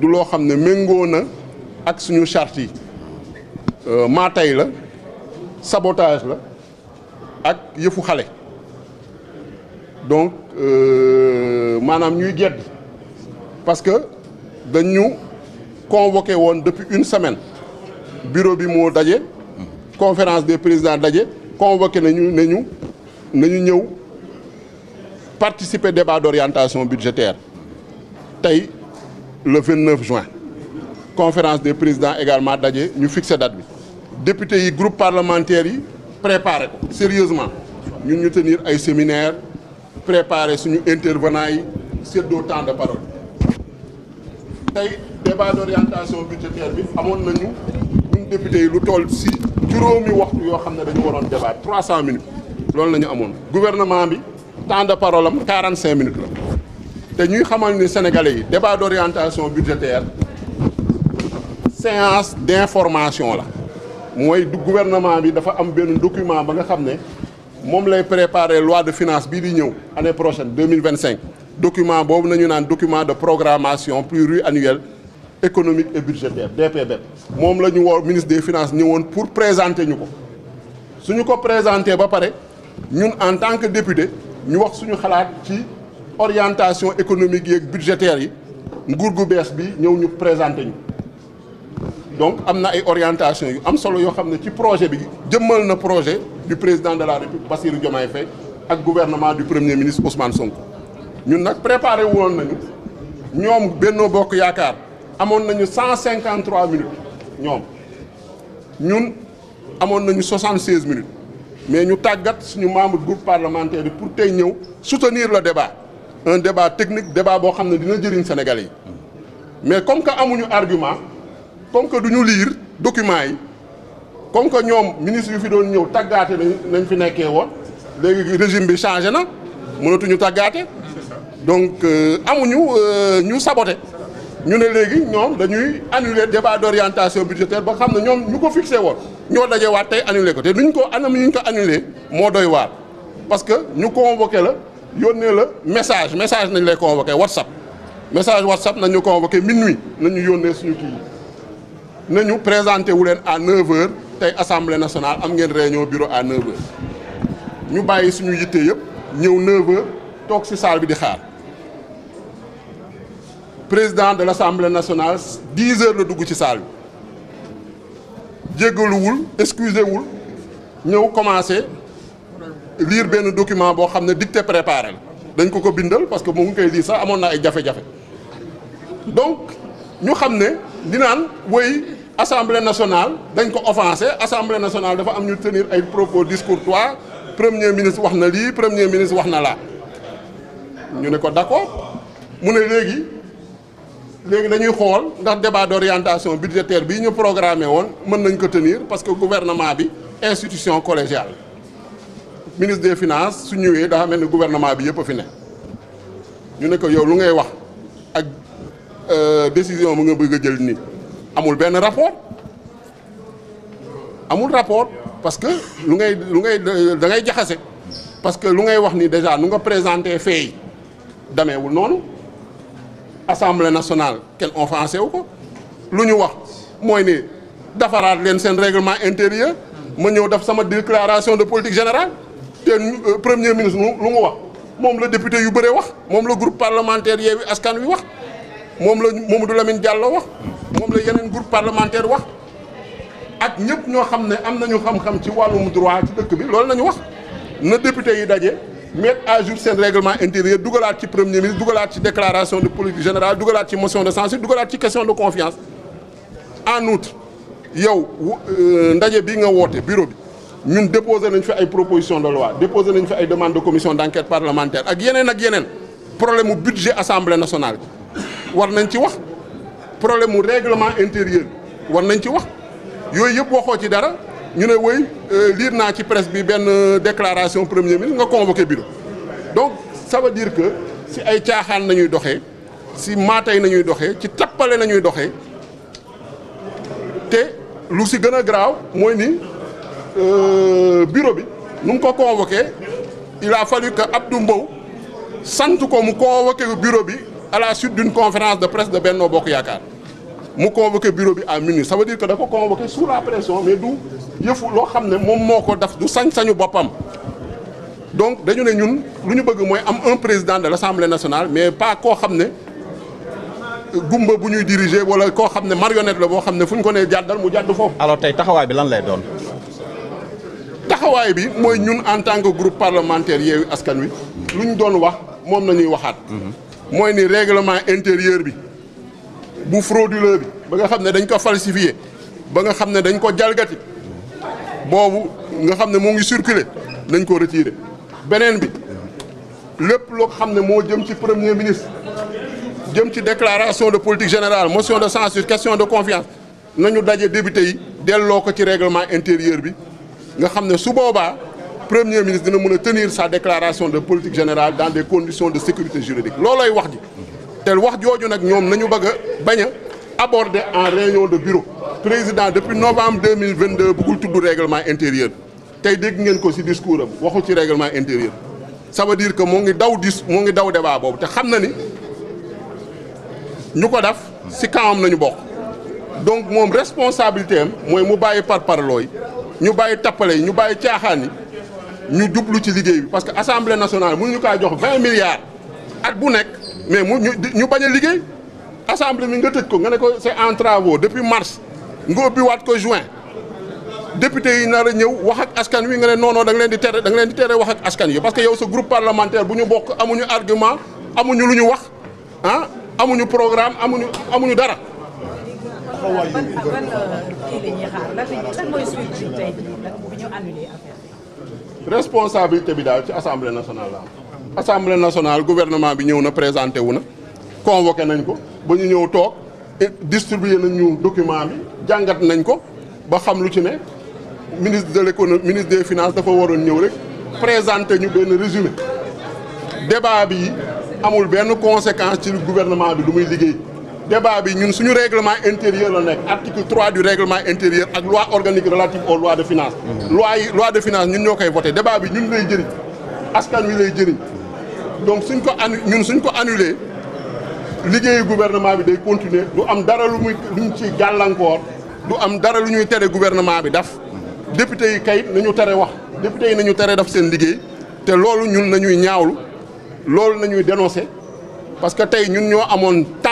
du lo xamné ne ak suñu euh, sabotage la ak yefu donc euh, manam ñuy gedd parce que dañu convoqué depuis une semaine bureau bi conférence des présidents dajé convoqué nañu nañu nañu ñëw débat d'orientation budgétaire le 29 juin conférence des présidents également nous fixons la date bi député yi groupe parlementaire préparé sérieusement nous tenons tenir ay séminaire préparé suñu intervenant sur deux temps de parole débat d'orientation budgétaire bi de nañu une député yi lu si nous waxtu yoo dañu débat 300 minutes Le gouvernement temps de parole 45 minutes nous nous, xamal sénégalais débat d'orientation budgétaire séance d'information Le gouvernement a fait un document ba nga la préparer loi de finances pour l'année prochaine 2025. document un document de programmation pluriannuelle économique et budgétaire Nous avons le ministre des finances pour présenter Si Nous suñu ko présenter en tant que députés, nous avons suñu orientation économique et budgétaire Nous avons bi présenté donc nous avons une orientation Nous avons un projet bi jëmmal projet du président de la république Bassirou Diomaye Faye ak gouvernement du premier ministre Ousmane Sonko nous avons préparé nous Nous Nous Benno Bokk minutes nous avons 76 76 minutes mais nous tagat suñu membre groupe parlementaire pour soutenir le débat un débat technique débat boo xam ne dina jëriñ Sénégalais mais comme que amuñu argument comme que duñu lire document yi comme que ñoom ministre yu fi doon ñëw tàggaate nañ nañ fi nekkee woon léegi régime bi changé na mënatuñu tàggaate donc euh, amuñu euh, ñu saboté ñu ne léegi ñoom dañuy annuler débat d'orientation budgétaire ba xam ne ñoom ñu ko fixé woon ñoo dajewaat tey annuler ko te nuñ ko anam ñu ko annuler moo doy waar parce que ñu convoqué la yónnee message message nañ lay convoqué whatsapp message whatsapp nañu convoqué minuit nañu yónnee suñu kii nañu présenté wu à 9h tey assemblée nationale am ngeen réunion bureau à 9h ñu bàyyi suñu yitte yëpp ñëw 9h toog ci salle bi di xaar président de l'Assemblée nationale 10h la dugg ci salle bi jéggaluwul excusé wul ñëw commencé lire un document qui préparé parce que nous donc nationale dañ assemblée nationale tenir ay propos discourtois premier ministre le premier ministre Nous d'accord Nous avons débat d'orientation budgétaire nous avons programmé tenir parce que gouvernement bi institution collégiale ministre des finances su ñëwee daa gouvernement bi yëpp a fi ne ñu ne ko yow lu ngay wax ak euh, décision mu nga bëgg a jël nii amul rapport amul rapport parce que lu ngay lu ngay da ngay parce que lu ngay wax ni déjà nu nga présenté feey demeewul noonu assemblée nationale kenn offensé wu ko lu ñu wax mooy ni defaraat leen seen règlement intérieur ma ñëw def sama déclaration de politique générale député euh, premier ministre lu mu wax mom le député yu bëree wax mom le groupe parlementaire Yewwi Askan Wi wax mom la Mamadou Lamine Diallo wax mom la yenen groupe parlementaire wax ak ñepp ño xam ne am nañu xam-xam ci wàllum droit ci dëkk bi loolu nañu wax na député yi dajé mettre à jour seen règlement intérieur dugalaat ci premier ministre dugalaat ci déclaration de politique générale dugalaat ci motion de censure dugalaat ci question de confiance en outre yow euh, ndaje bi nga woté bureau bi nous déposé nañ fi proposition de loi déposé nañ demande de commission d'enquête parlementaire ak yeneen ak yeneen problème budget assemblée nationale war nañ ci wax problème règlement intérieur war nañ ci wax yooyu yëpp waxoo ci dara ñu ne woy euh, lire dans ci presse bi déclaration euh, déclaration premier ministre nga convoqué bureau donc ça veut dire que si ay caaxaan nañuy doxee si maatay nañuy doxee ci tappale nañuy doxee te lu si gën a grave, c'est ni euh, bureau convoqué il a fallu que Abdou ko mu bureau à la suite d'une conférence de presse de Benno Bokk il mu convoqué bureau à minuit ça veut dire que nous convoqué sous la pression mais il il que xam ne moom que donc nous, avons un président de l'Assemblée nationale mais pas qu'il xam gumba diriger wala marionnette ne alors taxawaay bi moy ñun en tant que groupe parlementaire Yewwi Askan Wi luñ doon wax mom la waxat moy ni règlement intérieur bi bu frauduleux bi ba nga xamne dañ ko falsifier ba nga xamne dañ ko jalgati bobu nga xamne mo ngi circuler nañ ko retirer benen bi lepp lo xamne mo jëm ci premier ministre jëm ci déclaration de politique générale motion de censure question de confiance nañu dajé débuté yi delloo ko ci règlement intérieur bi nga xam ne su premier ministre ne tenir sa déclaration de politique générale dans des conditions de sécurité juridique C'est ce que Tel wax jooju nous ñoom nañu en réunion de bureau Le président depuis novembre 2022 bëggul le règlement intérieur Il dégg ngeen ko discours am waxul règlement intérieur ça veut dire que nous avons daw dis moo daw débat nous avons xam na ni fait. ko donc mon responsabilité c'est de mu par parloir ñu bàyyi tappale yi ñu bàyyi caaxaan yi ñu jublu ci liggéey parce que assemblée nationale mënuñu kaa jox vingt milliards at bu nek, mais mu ñu ñu bañ a assemblée mi nga tëj ko nga ne ko c'est en travaux depuis mars nga ubbi waat ko juin député yi n'a a ñëw wax ak askan wi nga ne non non da nga leen di tere da nga leen di tere wax ak askan yi parce que yow sa groupe parlementaire bu ñu bokk amuñu argument amuñu lu ñu wax ah amuñu programme amuñu amuñu dara suite bu ñu affaire responsabilité bi daal ci assemblée nationale la assemblée nationale gouvernement bi ñëw na présenté wu na convoqué nañ ko bu ñu ñëw toog distribuer nañ ñu document bi jàngat nañ ko ba xam lu ci né ministre de l'économie ministre des finances dafa waron ñëw rek présenter ñu ben résumé débat bi amul ben conséquence ci gouvernement bi lu muy liggéey débat bi ñun suñu règlement intérieur la article 3 du règlement intérieur ak loi organique relative aux lois de finances. Mhm. loi loi de finances, ñun ñoo koy voté débat bi ñun lay jëriñ askan wi lay jëriñ donc suñ ko annu ñun suñ ko annulé liggéeyu gouvernement bi day continuer nous am dara lu muy luñ ci gàllankoor du am dara lu ñuy tere gouvernement bi daf député yi kayit nañu tere wax député yi nañu tere daf seen liggéey te loolu ñun nañuy ñaawlu loolu nañuy dénoncé parce que nous, ñun ñoo amoon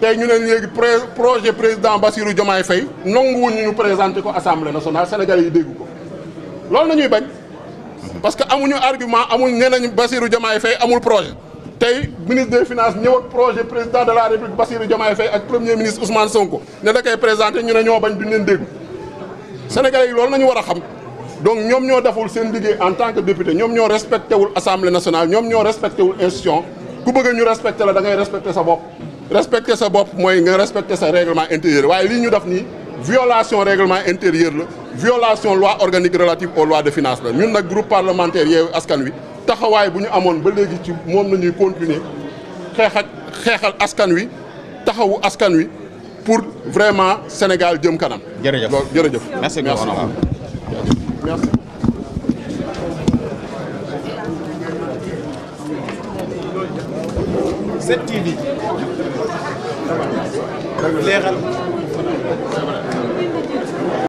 tey ñu ne le projet président Bassirou Diomaye Faye nous ñu présenter à l'Assemblée nationale sénégalais yi dégg ko loolu nous ñuy bañ parce que amuñu argument amul ñeneen Bassirou Diomaye Faye amul projet le ministre des finances ñëw ak projet président de la république Bassirou Diomaye Faye ak premier ministre Ousmane Sonko nous da présenté Nous avons ñoo bañ duñ dégg sénégalais yi loolu nañu xam donc nous, ñoo seen en tant que député nous ñoo respecté wul nationale Nous ñoo respecté wul institution ku bëgg ñu respecté la da ngay sa voix respecter sa bop, mooy respecter sa règlement intérieur ce lii ñu def nii violation règlement intérieur violation loi organique relative aux lois de finances Nous, ñun groupe parlementaire nous, Askan Wi taxawaay bu ñu amoon ba léegi ci moom la continuer à ak askan wi taxawu askan wi pour vraiment Sénégal jëm kanam. jërëjëf jërëjëf. merci merci. 7TV leeral